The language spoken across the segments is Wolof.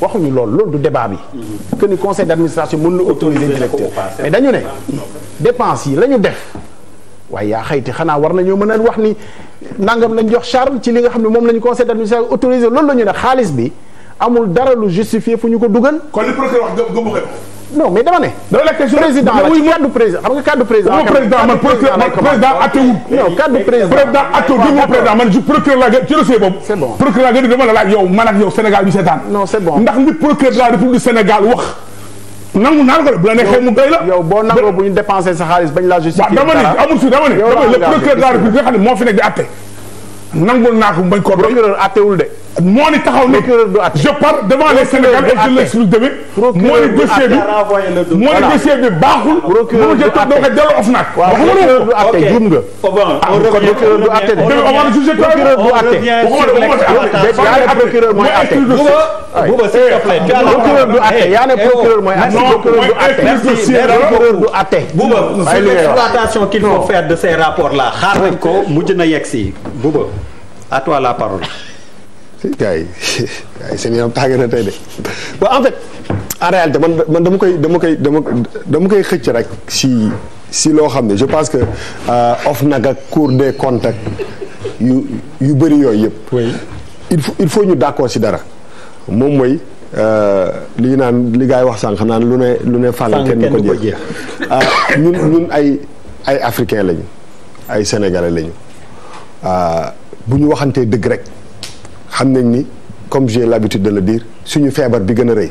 waxuñu loolu loolu du débat bi. Mm-hmm. que ni conseil d'administration mën na autoriser directeur mais dañu ne dépense yi la ñu def waaye yaa xayti xanaa war nañoo mën a wax ni nangam lañ jox Charles ci li nga xam ne moom lañu conseil d'administration autorisé loolu la ñu ne xaalis bi amul dara lu justifié fu ñu ko dugal. kon wax gëm non mais dama ne. dama la question président la ci cadre président xam nga cadre président. président man président atewul. non cadre président président atewul du ma président man je procureur la ci dossier boobu. c'est bon procureur la dama la laaj yow man ak yow Sénégal bi seetaan. non c'est bon ndax li procureur de la République du Sénégal wax. nangu naan ko bu la nekkee mu doy la. yow boo nangoo bu ñu dépensé sa xaalis bañ la justifié. dara dama ne amul si dama ne. yow la le procureur de la République nga xam ne moo fi nekk di atte nangul naa ko bañ koo doy procureur attewul de moo ni taxaw ni je parle devant les Sénégalais et je l'explique demain moo ni dossier bi moo ni dossier bi baaxul bu mu jël toog doo ko delloo OFNAC wax nga juum nga ah, procureur du atte on va juger procureur du atte procureur mooy atte Bouba s'il te plaît procureur du atte yaa ne procureur mooy atte procureur du atte Bouba c'est l'exploitation qu'il faut faire de ces rapports là xaar nañ ko mujj na yegg si Bouba à toi la parole si gars yi gars yi seen yaram tàng na de bon en fait en réalité man man dama koy dama koy dama dama koy xëcc rek si si loo xam ne je pense que euh, OFNAC ak Cour des comptes ak yu bëri yooyu yëpp. il faut il faut ñu d'accord si dara moom mooy. Euh, li ñu naan li gars yi wax sànq naan lu ne lu ne fànn kenn du ko jeex euh, ñun ñun ay ay africain lañu ay sénégalais lañu bu ñu waxantee dëgg rek xam nañ ni comme j'ai l'habitude de la dire suñu feebar bi gën a rëy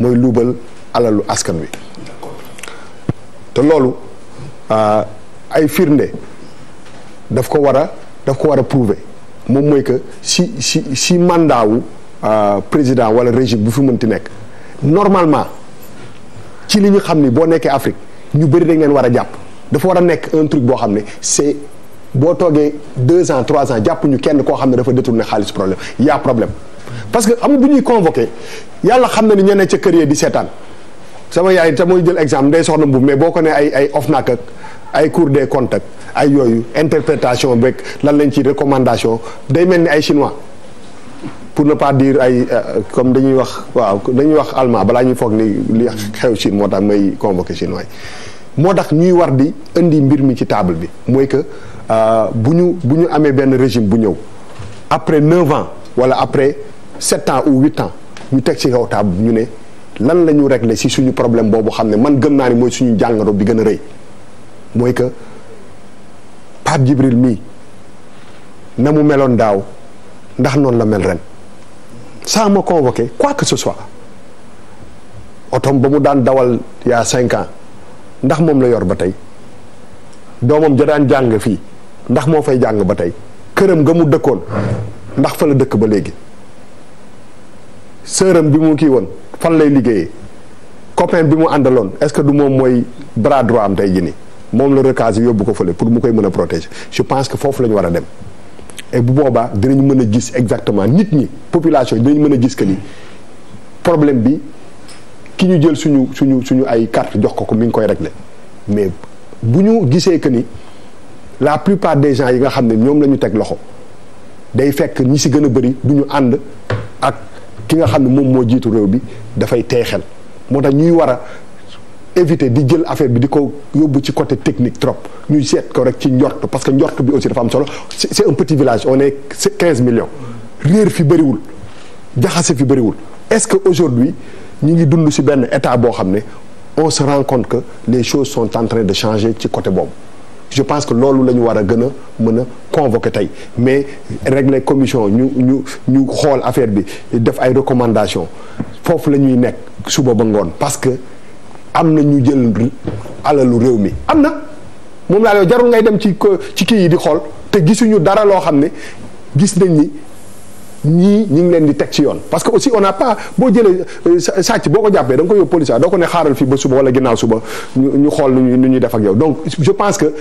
mooy luubal alalu askan wi te loolu euh, ay firnde daf ko war a daf ko war a prouver moom mooy que si si si mandat wu euh, président wala régime bu fi mënti nekk normalement ci li ñu xam ni boo nekkee Afrique ñu bëri dañ leen war a jàpp dafa war a nekk un truc boo xam ne c'est boo toogee deux ans trois ans jàpp ñu kenn koo xam ne dafa ne xaalis problème y' a problème parce que am bu ñuy convoqué yàlla xam na ni ñeneen ca kër yee di seetaan sama yaay te mooy jël exemple ndey soxna mbubb mais boo ko nee ay ay OFNAC ak ay Cour des comptes ak ay yooyu interprétation beeg lan lañ ci recommandation day mel ni ay chinois pour ne pas diir ay euh, comme dañuy wax waaw dañuy wax allemand balaa ñuy foog ni li xew Chine moo tax may convoqué chinois moo tax ñuy war di indi mbir mi ci table bi Euh, bu ñu bu ñu amee benn régime bu ñëw après neuf ans wala après sept ans ou huit ans ñu teg ci kaw table ñu ne lan la ñu régler si suñu problème boobu xam ne man gëm naa ni mooy suñu jàngoro bi gën a rëy mooy que Pape Djibril mii na mu meloon daaw ndax noonu la mel ren sans me convoquer quoi que ce soit otom ba mu daan dawal yaa cinq ans ndax moom la yor ba tey doomam ja daan jàng fii ndax moo fay jàng ba tey këram nga mu dëkkoon ndax fa la dëkk ba léegi sëram bi mu kii woon fan lay liggéeyee copain bi mu àndaloon est-ce que du moom mooy bras droit am tey jii nii moom la recase yóbbu ko fële pour mu koy mën a protéger je pense que foofu la ñu war a dem bu boobaa dinañ mën a gis exactement nit ñi population yi mën a gis que problème bi ki ñu jël suñu suñu suñu ay carte jox ko ko mi ngi koy le mais bu ñu gisee que ni. la plupart des gens yi nga xam ne ñoom la ñu teg loxo day fekk ñi si gën a bëri du ñu ànd ak ki nga xam ne moom moo jiitu réew bi dafay teexel moo tax ñuy war a éviter di jël affaire bi di ko yóbbu ci côté technique trop ñu seet ko rek ci njort parce que njort bi aussi dafa am solo c'est un petit village on est quinze millions réer fi bëriwul jaxase fi bëriwul est-ce que aujourd'hui ñu ngi dund si benn état boo xam ne on se rend compte que les choses de changer ci côté boobu je pense que loolu la ñu war a gën a mën a convoquer tey mais régler commission ñu ñu ñu xool affaire bi def ay recommandation foofu la ñuy nekk suba ba ngoon parce que am na ñu jël alalu réew mi am na moom laa yow jarul ngay dem ci ci kii yi di xool te gisuñu dara loo xam ne gis nañ ni. ñii ñu ngi leen di teg ci yoon parce que aussi on n'a pas boo jëlee euh, sàcc boo ko jàppee da ko yóbbu police doo ko ne xaaral fii ba suba wala ginnaaw suba ñu xool nu ñu ñuy def ak yow donc je pense que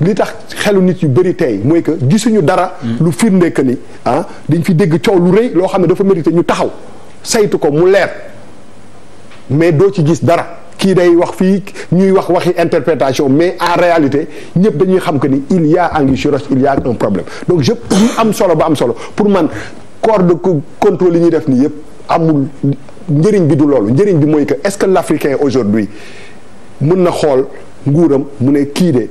li tax xelu nit yu bëri tey mooy que gisuñu dara. Mm. lu firnde que ni ah dañ fi dégg coow lu rëy loo xam ne dafa mérité ñu taxaw saytu ko mu leer mais doo ci gis dara. kii day wax fii ñuy wax waxi interprétation mais en réalité ñëpp dañuy xam que ni il y a anguille sous problème donc je am solo ba am solo pour man. corps de contrôle yi ñuy def nii yëpp amul njëriñ bi du loolu njëriñ bi mooy que est-ce que l'Africain aujourd'hui mën na xool nguuram mu ne kii de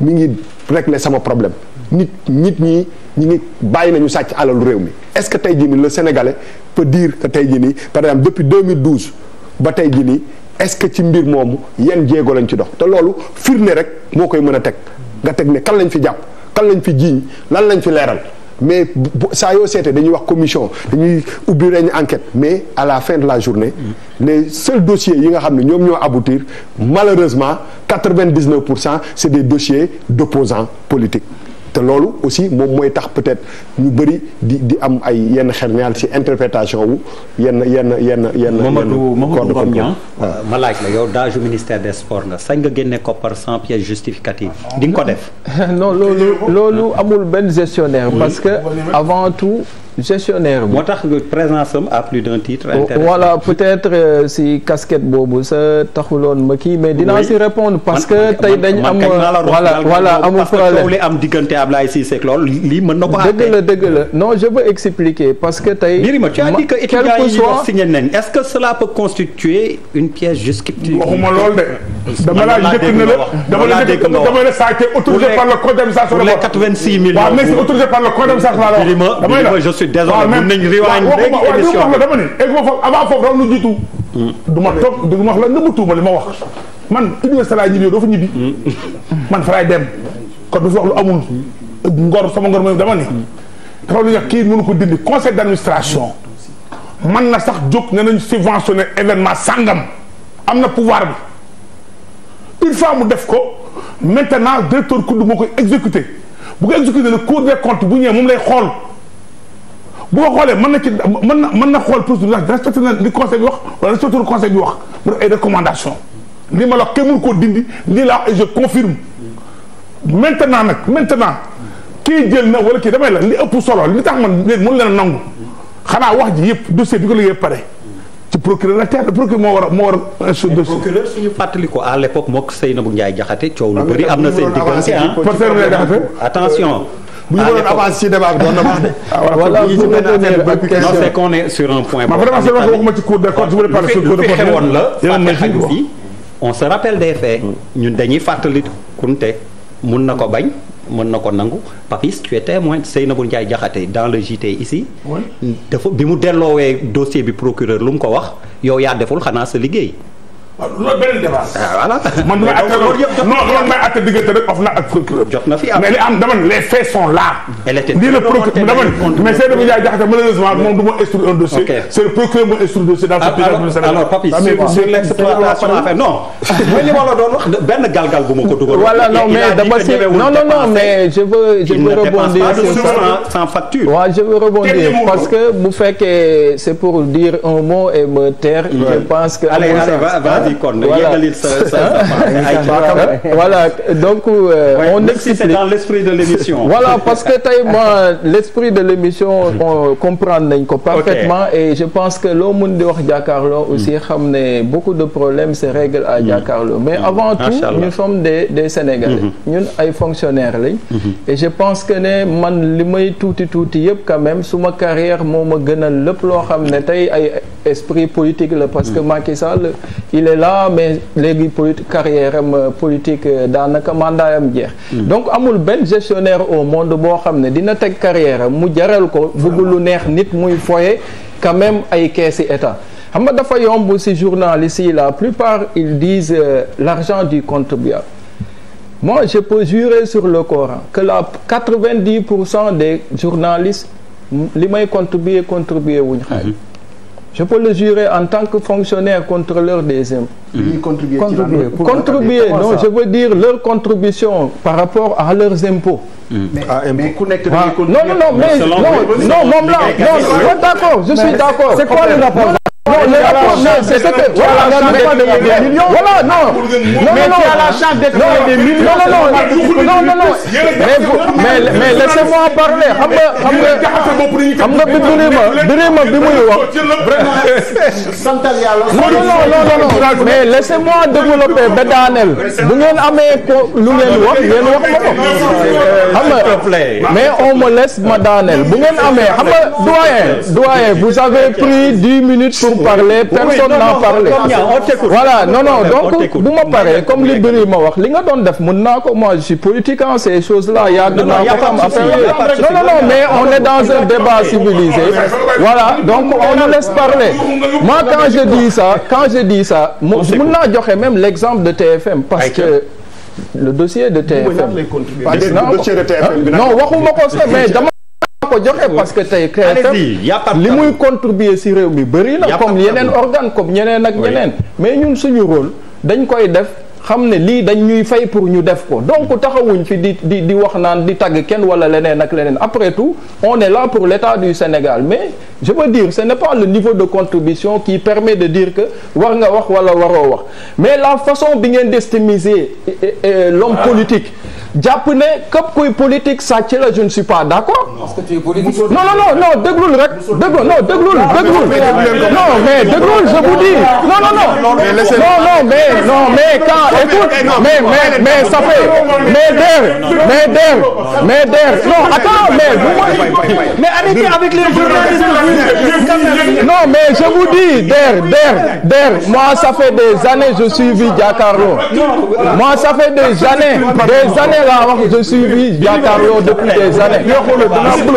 mi ngi régler sama problème nit nit ñi ñi ngi bàyyi nañu sàcc alalu réew mi est-ce que tey jii nii le Sénégalais peut dire que tey jii nii par exemple depuis 2012 ba tey jii nii est-ce que ci mbir moomu yan jéego lañ ci dox te loolu firnde rek moo koy mën a teg nga teg ne kan lañ fi jàpp kan lañ fi jii lan lañ fi leeral. mais saa yoo seetee dañuy wax commission dañuy ubbi reñ enquête mais à la fin de la journée mm. les seuls dossiers yi nga xam ne ñoom ñoo aboutir malheureusement quatre-vingt-dix-neuf pour cent c'est des dossiers d'opposants politiques te loolu aussi moom mooy tax peut-être ñu bëri di di am ay yenn xel ñaar ci interprétation wu yenn yenn yenn yenn. Mamadou Mamadou Ngom ma laaj la yow daaju ministère des sports nga sañ nga génne koppar sans pièce justificative di nga ko def. non loolu loolu amul benn gestionnaire. parce que avant tout. gestionnaire bi. moo tax présence am à plus d'un titre. intéressant voilà peut-être euh, si casquette boobu sa taxuloon ma kii mais dinaa répondre parce que tey dañ am voilà voilà amul problème am diggante Ablaye Cissé lii mën na ko. dëgg la dëgg la non je veux expliquer parce que tey. Birima tu as dit que étudiants yi signé nañ est-ce que cela peut constituer une pièce justifiée. waxuma loolu de. dama laa njëkk ne la dama la njëkk dama la ça a été autorisé par le code d'administration pour les 86 millions waaw mais c'est autorisé par le code d'administration laa la damay la je suis désolé mën nañu riwaay léegi émission bi dama ne egg ma foofu avant foofu raw nu jiitu hmm. du ma toog du ma wax la nëbbatuuma li ma wax man université laa ñibbi doo fa ñibbi hmm. man fa laay dem kon du fi wax lu amul ngor sama ngor moom dama ne dafa lu ñu kii mënu ko dindi conseil d'administration man na sax jóg ne nañ subventionné événement sàngam am na pouvoir bi une fois mu def ko maintenant directeur COUD moo koy exécuté bu ko exécuté le Cour des bu ñëwee moom lay xool bu ko xoolee mën na ci mën na mën na xool procédure ndax respecté na li conseil bi wax wala respecté conseil bi wax mu def recommandation li ma la wax kenn mënu koo dindi lii la wax et je confirme maintenant nag maintenant kii jël na wala kii damay la li ëpp solo li tax man léegi mënu leen a nangu xanaa wax ji yëpp dossier bi ko liggéey pare procureur la tey le procureur moo war a moo war a. su procureur suñu fàttali ko à l' époque moom Seynabou Ndiaye Diakhaté coow lu bëri am na seen diggante ah. attention. bu ñu waroon avancer ci débat bi doon na baax de. Ah, voilà bu ñu non c'est qu'on est sur un point. vraiment c'est waxuma ci cour des comptes bu fi xewoon la. on se rappelle des faits. Mm. ñun dañuy fàttali kunte mun na ko bañ. mën na ko nangu Papis tu es témoin Seynabou Ndiaye Diakhaté dans le JT ici. dafa bi mu delloowee dossier bi procureur lu mu ko wax yow yaa deful xanaa sa liggéey. waaw loolu beneen débat. Ah, voilà man dama àtte loolu yëpp non man may àtte diggante rek of na ak procureur. jot na fi am ah. mais li am dama ne les faits sont là. elle était dama ne mais Seydou Ndiaye Diakhaté malheureusement moom du ma instruire un dossier. ok c'est le procureur moo instruire dossier dans ce ah, pays. alors alors Papy sur l'exploitation affaire non. mooy li ma la doon wax benn galgal bu ma ko dugal. voilà non mais dama si non non non mais je veux je veux rebondir. sans facture. waaw je veux rebondir parce que bu fekkee c'est pour dire un mot et me taire. je pense que allez allez va vas-y kon yeggalil sa sa sa voilà donc euh, on explique si c'est dans l'esprit de l'émission voilà parce que tey moi l'esprit de comprendre nañ ko parfaitement et je pense que loo mun di wax jàkkaarloo aussi hmm. xam ne beaucoup de problèmes se règlent à hmm. jàkkaarloo mais hmm. avant tout nous sommes des des Sénégalais ñun ay fonctionnaires lañ et je pense que ne man li may tuuti tuuti yëpp quand même suma carrière moo ma gënal lépp xam ne tey esprit politique la parce que mm. Macky Sall il est là mais léegi politique carrière am euh, politique euh, daanaka mandat am jeex mm. donc amul benn gestionnaire au monde boo xam ne dina teg carrière am mu jaral ko bëgg lu neex nit muy foye quand même ay keesi état xam nga dafa yomb ci journalistes yi la plupart ils disent euh, l'argent du contribuable moi je peux jurer sur le Coran que la 90 pour cent des journalistes li may contribuer contribuer wuñ xaaj je peux le jurer en tant que fonctionnaire contrôleur des impôts. Mmh. Contribuer, contribuer, pour contribuer non ça? je veux dire leur contribution par rapport à leurs impôts. Mmh. Mais, ah, mais ah. non non non mais, mais non non moom la non, non, non d'accord je suis d'accord. c'est quoi le rapport c'est que voilà non non mais tu as la chance d'être des millions non non non mais mais laissez-moi parler xam nga xam nga bi Birima Birima bi muy wax santal yàlla non non non mais laissez-moi développer ba daaneel bu ngeen amee ko lu ngeen wax ngeen wax ma ko xam nga mais on me laisse ma daaneel bu ngeen amee xam nga doyen doyen vous avez pris dix minutes pour personne n'en parlait voilà non donc bu ma paree comme li ma wax li nga doon def mën naa ko moi je suis politique en ces choses là yàgg naa ko xam affaire yooyu non non non mais on est dans un débat civilisé voilà donc on nous laisse moi quand je dis ça quand je dis ça mën naa même l'exemple de TFM parce que le dossier de TFM. Ah, non waxuma ko sax mais dama. ko joxe parce que tey TFM li muy contribuer si réew mi bëri na comme yeneen organe comme ñeneen ak ñeneen mais ñun suñu rôle dañ koy def xam ne lii dañ ñuy fay pour ñu def ko donc taxawuñ fi di di di wax naan di tagg kenn wala leneen ak leneen après tout on est là pour l'état du Sénégal mais je veux dire ce n'est pas niveau de contribution ki permet de dire que war nga wax wala waroo wax mais la façon bi ngeen d'estimiser eh, eh, eh, l'homme politique jàpp ne képp kuy politique sàcc la je ne suis pas d' accord. parce que tu es politique. non non non non déglul rek. déglul non déglul non mais déglul je vous dis. non non non. non non mais non mais mais mais mais ça fait mais mais mais der non attends mais vous mais arrêtez avec les non mais je vous dis der der der moi ça fait je suivi Jakaarlo. moi ça fait des années laa wax je suis jàkkaarloo depuis des années.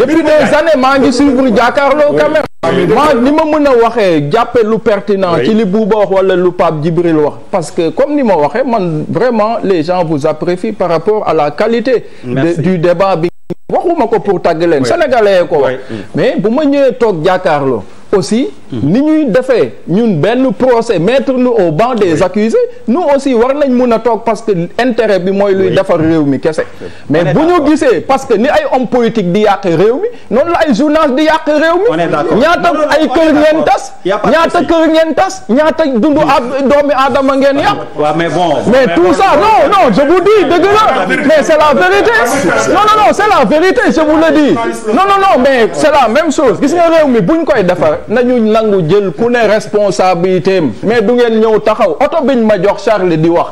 depuis des années maa ngi suivre jàkkaarloo quand même. maa ni ma mën a waxee jàppe lu pertinent ci li Bouba wax wala lu Pape Djibril wax parce que comme ni ma waxee man vraiment les gens vous apprécient par rapport à la qualité. du débat bi. waxuma ko pour tàgg leen sénégalais ko wax mais bu ma ñëwee toog jàkkaarloo aussi. ni ñuy defee ñun benn procès mettre nous au banc des oui. accusés nous aussi war nañ mun a toog parce que intérêt bi mooy luy defar réew mi kese mais bu ñu gisee parce que ni ay homme politique di yàq réew mi noonu la ay journaliste di yàq réew mi ñaata ay kër ngeen tas ñaata kër ngeen tas ñaata dundu ab doomi aadama ngeen yàq mais tout ça non non je vous dis dëgg la mais c'est la vérité non non non mais c'est la même chose gis nga réew mi buñ koy defar nañu nangu jël ku ne responsabilité am mais du ngeen ñëw taxaw oto biñ ma jox Charles di wax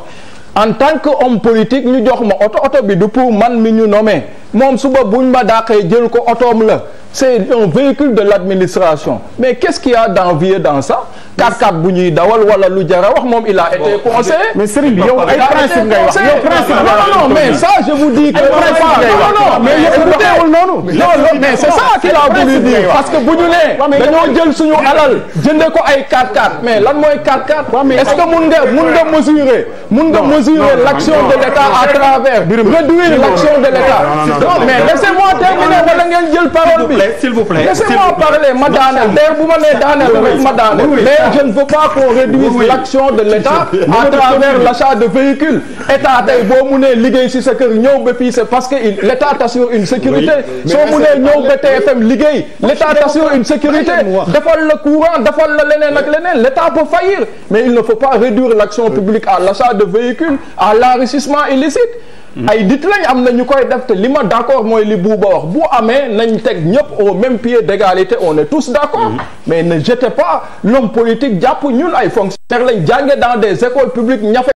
en tant que homme politique ñu jox ma oto oto bi du pour man mi ñu nomee moom suba buñ ma dàqee jël ko otoom la. c'est un véhicule de l'administration mais qu'est-ce qu'il y a d'envier dans ça. 4-4 bu ñuy dawal wala lu jara wax moom la a été ay principe ngay non non mais ça je vous dis que. ay principe non non mais yow doxewul noonu. non mais c'est ça qu'il a voulu dire parce que bu ñu nee dañoo jël suñu alal jëndee ko ay 4-4 mais lan mooy 4-4. est-ce que mun nga mun nga mesurer. mun nga mesurer l'action de l'État à travers. de l'État. non mais laissez-moi terminer wala ngeen jël parole bi. laissez-moi parler ma daaneel d'ailleurs bu ma nee ma daaneel. mais je ne veux pas qu'on l'action de l'État à travers l'achat de véhicules état tey boo mu nee liggéey si sa kër ñëw ba fii c'est parce que l'État t'assure une sécurité soo mu nee ñëw ba TFM liggéey l'État une sécurité defal la courant defal la leneen ak leneen l'État peut faillir mais il ne faut pas réduire l'action publique à l'achat de à l'enrichissement illicite ay nit lañ am na ñu koy def te li ma d' accord mooy li bu Bouba wax bu amee nañ teg ñëpp au même pied dégalité o on tous d' accord. Mm-hmm. mais ne jetez pas l'homme politique jàpp ñun ay fonctionnaires lañ jànge dans des écoles publiques ñafe.